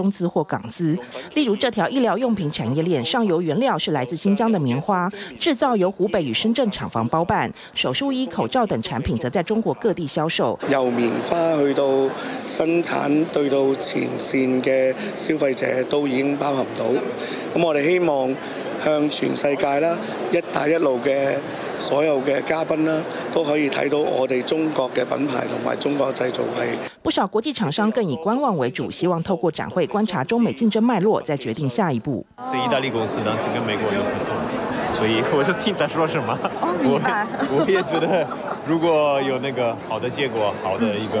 中資或港資，例如這條醫療用品產業鏈上游原料是來自新疆的棉花，製造由湖北與深圳廠房包辦手術衣、口罩等產品則在中國各地銷售。由棉花去到生產對到前線嘅消費者都已經包含到。咁我哋希望。向全世界啦，一帶一路嘅所有嘅嘉賓啦，都可以睇到我哋中國嘅品牌同埋中國製造係不少國際廠商更以觀望為主，希望透過展會觀察中美競爭脈絡，再決定下一步。哦、所以意大利公司當時跟美國有合作，所以我就聽他說什麼，我我也覺得如果有那個好的結果，好的一個。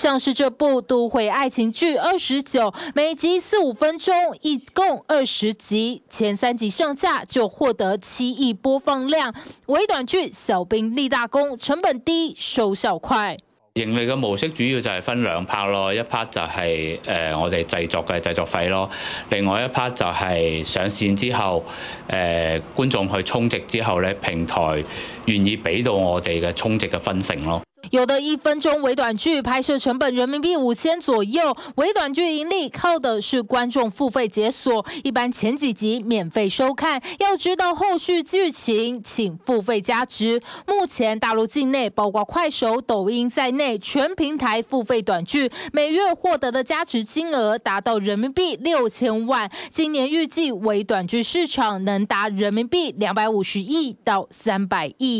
像是這部都會愛情劇二十九，每集四五分鐘，一共二十集，前三集上架就獲得七億播放量。微短劇小兵立大功，成本低，收效快。盈利嘅模式主要就係分兩 part 咯，一 part 就係、是、誒、呃、我哋製作嘅製作費咯，另外一 part 就係上線之後，誒、呃、觀眾去充值之後咧，平台。願意俾到我哋嘅充值嘅分成咯。有的一分鐘微短劇，拍攝成本人民幣五千左右，微短劇盈利靠的是觀眾付費解鎖，一般前幾集免費收看，要知道後續劇情請付費加值。目前大陸境內包括快手、抖音在內，全平台付費短劇每月獲得的加值金額達到人民幣六千萬，今年預計微短劇市場能達人民幣兩百五十億到三百億。